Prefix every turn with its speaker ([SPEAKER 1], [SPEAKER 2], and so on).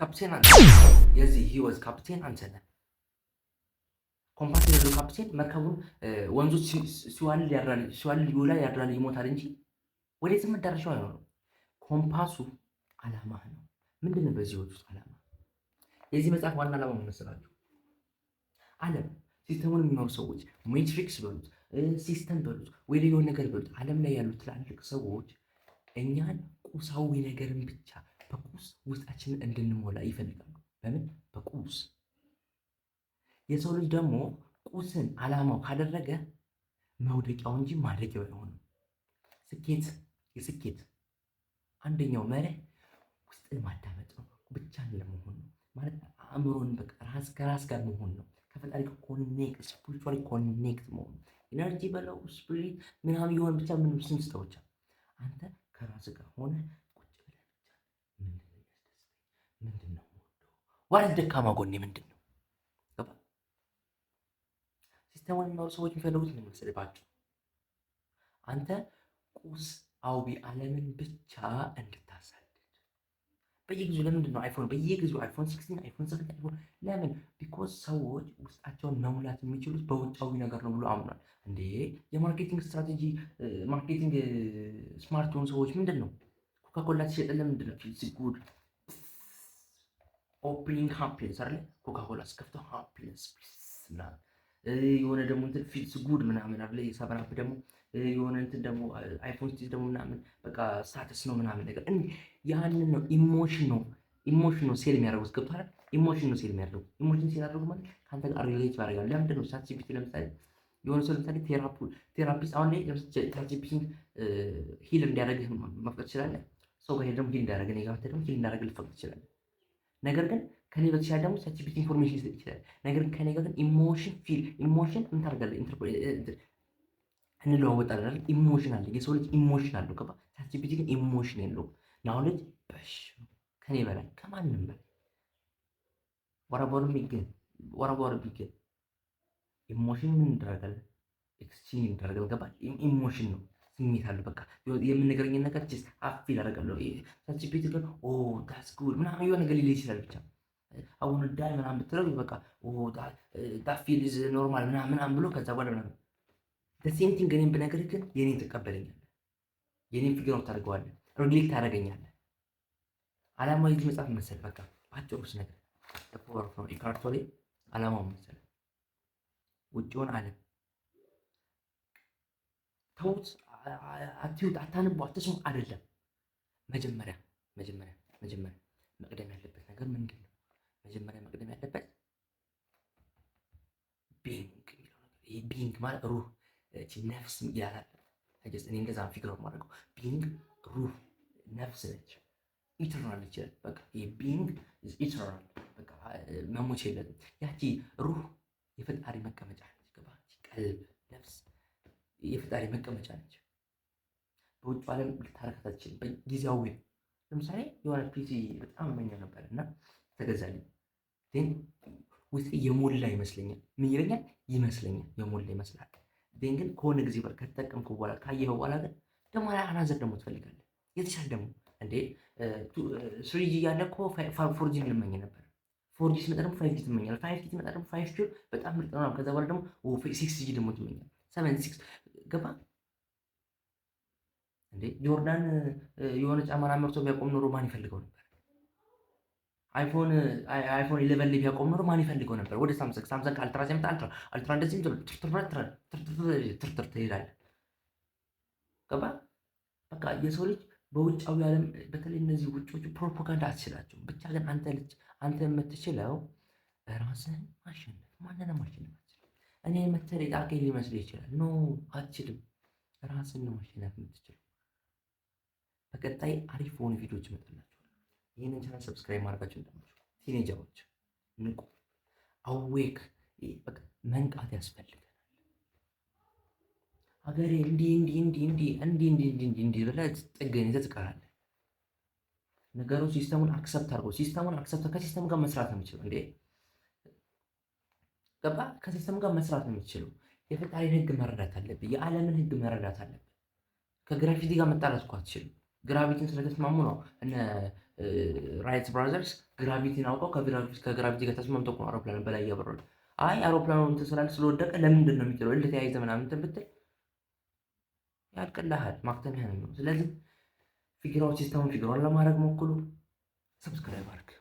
[SPEAKER 1] ካፕቴን አንተ የዚህ ህይወት ካፕቴን አንተ ኮምፓስ የሌለው ካፕቴን መርከቡን ወንዙ ሲዋልል ይውላል፣ ያድራል፣ ይሞታል እንጂ ወዴትም መዳረሻው አይሆንም። ኮምፓሱ አላማህ ነው። ምንድን ነው በዚህ ህይወት ውስጥ አላማ? የዚህ መጽሐፍ ዋና አላማ ምን መሰላችሁ? ዓለም ሲስተሙን የሚኖሩ ሰዎች ሜትሪክስ በሉት ሲስተም በሉት ወይ የሆነ ነገር በሉት ዓለም ላይ ያሉ ትላልቅ ሰዎች እኛን ቁሳዊ ነገርን ብቻ በቁስ ውስጣችንን እንድንሞላ ይፈልጋሉ። በምን በቁስ የሰው ልጅ ደግሞ ቁስን ዓላማው ካደረገ መውደቂያው እንጂ ማድረቂያው አይሆንም። ስኬት የስኬት አንደኛው መርህ ውስጥን ማዳመጥ ነው። ብቻን ለመሆን ነው ማለት አእምሮን በቃ ራስ ከራስ ጋር መሆን ነው። ከፈጣሪ ኮኔክት ስፒሪቹዋሊ ኮኔክት መሆን ኢነርጂ በለው ስፒሪት ምናምን የሆን ብቻ ምንም ስም ስጠውቻ አንተ ከራስ ጋር ሆነ ዋልድ ደካማ ጎን ምንድን ነው? ሲስተሙን የሚማሩ ሰዎች የሚፈልጉት ምን መሰለባቸው? አንተ አውቢ ዓለምን ብቻ እንድታሳድድ በየጊዜው ለምንድን ነው አይፎን በየጊዜው አይፎን ሲክስቲን አይፎን ሰቨን አይፎን ለምን? ቢኮዝ ሰዎች ውስጣቸውን መሙላት የሚችሉት በውጫዊ ነገር ነው ብሎ አምኗል። እንዴ የማርኬቲንግ ስትራቴጂ ማርኬቲንግ ስማርት የሆኑ ሰዎች ምንድን ነው ኮካኮላ ሲሸጠለ ምንድን ነው ጉድ ኦፕኒንግ ሃፒነስ አለ ኮካኮላ ስከፍተው ሃፒነስ ና የሆነ ደግሞ እንትን ፊልስ ጉድ ምናምን አለ የሰበን አፕ ደግሞ የሆነ እንትን ደግሞ አይፎን ስቲዝ ደግሞ ምናምን በቃ ስታትስ ነው ምናምን ነገር እ ያንን ነው ኢሞሽን ነው ኢሞሽን ነው ሴል የሚያደርጉት ገብቷል። ኢሞሽን ነው ሴል የሚያደርጉ ኢሞሽን ሴል አደረጉ ማለት ከአንተ ጋር ሪሌት ያደርጋል። ለምንድን ነው ቻት ጂፒቲ ለምሳሌ የሆነ ሰው ለምሳሌ ቴራፒስት አሁን ላይ ቻት ጂፒቲን ሂል እንዲያደርግህ መፍቀድ ትችላለህ። ሰው ጋር ደግሞ ሂል እንዳደረግ ደግሞ ሂል እንዳደረግ ልፈቅድ ትችላለህ። ነገር ግን ከኔ በተሻለ ደግሞ ሰች ኢንፎርሜሽን ይሰጥ ይችላል። ነገር ግን ከኔ ጋር ግን ኢሞሽን ፊል ኢሞሽን እንታርጋለን እንለዋወጣለን። ኢሞሽን አለ የሰው ልጅ ኢሞሽን አለው። ከባ ሰች ግን ኢሞሽን የለውም። ናውሌጅ በሽ ከኔ በላይ ከማንም በላይ ወራቦር ቢገን ወራቦር ቢገን ኢሞሽን ምን እንደረጋል ኤክስቼንጅ እንደረጋል። ገባ ኢሞሽን ነው ስሜት አለው። በቃ የምንነገረኝን ነገር ስ አፊል አደርጋለሁ። ቻትጂፒቲ ግን ኦ ዳስ ጉድ ምናምን የሆነ ነገር ሊል ይችላል። ብቻ አሁን ዳይ ምናምን ብትለው በቃ ዳፊል ኢዝ ኖርማል ምናምን ብሎ ከዛ በኋላ ምናምን ሴምቲንግ እኔም ብነገር ግን የኔን ትቀበለኛለህ፣ የኔን ፊግር ታደርገዋለህ፣ ሪሌት ታደርገኛለህ። አላማ የዚህ መጽሐፍ መሰል በቃ በአጭሩ ነገር ኢካርቶ ላይ አላማው መሰል ውጭውን አለም ተውት አትዩት አታንቡ አትስሙ አይደለም። መጀመሪያ መጀመሪያ መጀመሪያ መቅደም ያለበት ነገር ምንድን ነው? መጀመሪያ መቅደም ያለበት ቢንግ የሚለው ነገር ይሄ ቢንግ ማለት ሩህ ነፍስ ይላል። እኔ እንደዛ ፊግር ማድረገው ቢንግ ሩህ ነፍስ ነች፣ ኢተርናል ነች። በቃ ይሄ ቢንግ ኢተርናል በቃ መሞች የለትም። ያቺ ሩህ የፈጣሪ መቀመጫ ነች። ገባ ቀልብ ነፍስ የፈጣሪ መቀመጫ ነች። በውጭ ዓለም ልታረካት አትችልም። በጊዜያዊ ነው። ለምሳሌ የሆነ ፒሲ በጣም መኛ ነበር እና ተገዛልኝ። ዜን ውስጥ የሞላ ይመስለኛል ምን ይለኛል ይመስለኛል የሞላ ይመስላል። ዜን ግን ከሆነ ጊዜ በር ከተጠቀምኩ በኋላ ካየኸው በኋላ ግን ደግሞ አናዘር ደግሞ ትፈልጋለህ። የተሻለ ደግሞ እንዴ ስሪጂ እያለ እኮ ፎርጂ ልመኝ ነበር። ፎርጂ ሲመጣ ደግሞ ፋይቭ ጂ ትመኛለህ። ፋይቭ ጂ ሲመጣ ደግሞ ፋይቭ ጂ በጣም ምርጥ ነው። ከዛ በኋላ ደግሞ ሲክስ ጂ ደግሞ ትመኛለህ። ሰቨን ሲክስ ገባ እንዴ ጆርዳን የሆነ ጫማ አመርቶ ቢያቆም ኖሮ ማን ይፈልገው ነበር? አይፎን አይፎን ኢሌቨን ላይ ቢያቆም ኖሮ ማን ይፈልገው ነበር? ወደ ሳምሰንግ ሳምሰንግ አልትራ ሲመጣ አልትራ አልትራ እንደዚህ ትርትር ትሄዳለህ። ገባ በቃ የሰው ልጅ በውጫዊ ዓለም በተለይ እነዚህ ውጮቹ ፕሮፓጋንዳ አትችላቸውም። ብቻ ግን አንተ ልጅ አንተ የምትችለው ራስህን ማሸነፍ ማንንም ማሸነፍ አትችልም። እኔ መተሬ አርጌ ሊመስል ይችላል። ኖ አትችልም። ራስን ነው ማሸነፍ የምትችለው። በቀጣይ አሪፍ የሆኑ ቪዲዮዎች ይመጣላችኋል። ይህንን ቻናል ሰብስክራይብ ማድረጋችሁ እንደማችሁ ቲኔጀሮች ንቁ፣ አዌክ መንቃት ያስፈልገናል። ሀገሬ እንዲህ እንዲህ እንዲህ እንዲህ እንዲህ እንዲህ እንዲህ እንዲህ ብለህ ጥገን ይዘህ ትቀራለህ። ነገሩን ሲስተሙን አክሰፕት አድርጎ ሲስተሙን አክሰፕት ከሲስተም ጋር መስራት ነው የምችለው። እንዴ ገባ? ከሲስተም ጋር መስራት ነው የምችለው። የፈጣሪን ህግ መረዳት አለብህ። የዓለምን ህግ መረዳት አለብህ። ከግራፊቲ ጋር መጣላት እኮ አትችልም። ግራቪቲን ስለተስማሙ ነው እነ ራይት ብራዘርስ ግራቪቲን አውቀው ከግራቪቲ ጋር ተስማምተው ነው አውሮፕላን በላይ እያበረሩ። አይ አውሮፕላኑ እንትን ስላለ ስለወደቀ ለምንድን ነው የሚጥለው እንደተያይዘ ምናምን እንትን ብትል ያልቅልሃል፣ ማክተሚያ ነው። ስለዚህ ፊግራዎች ሲስተሙን ፊግራውን ለማድረግ ሞክሉ። ሰብስክራይብ አድርግ።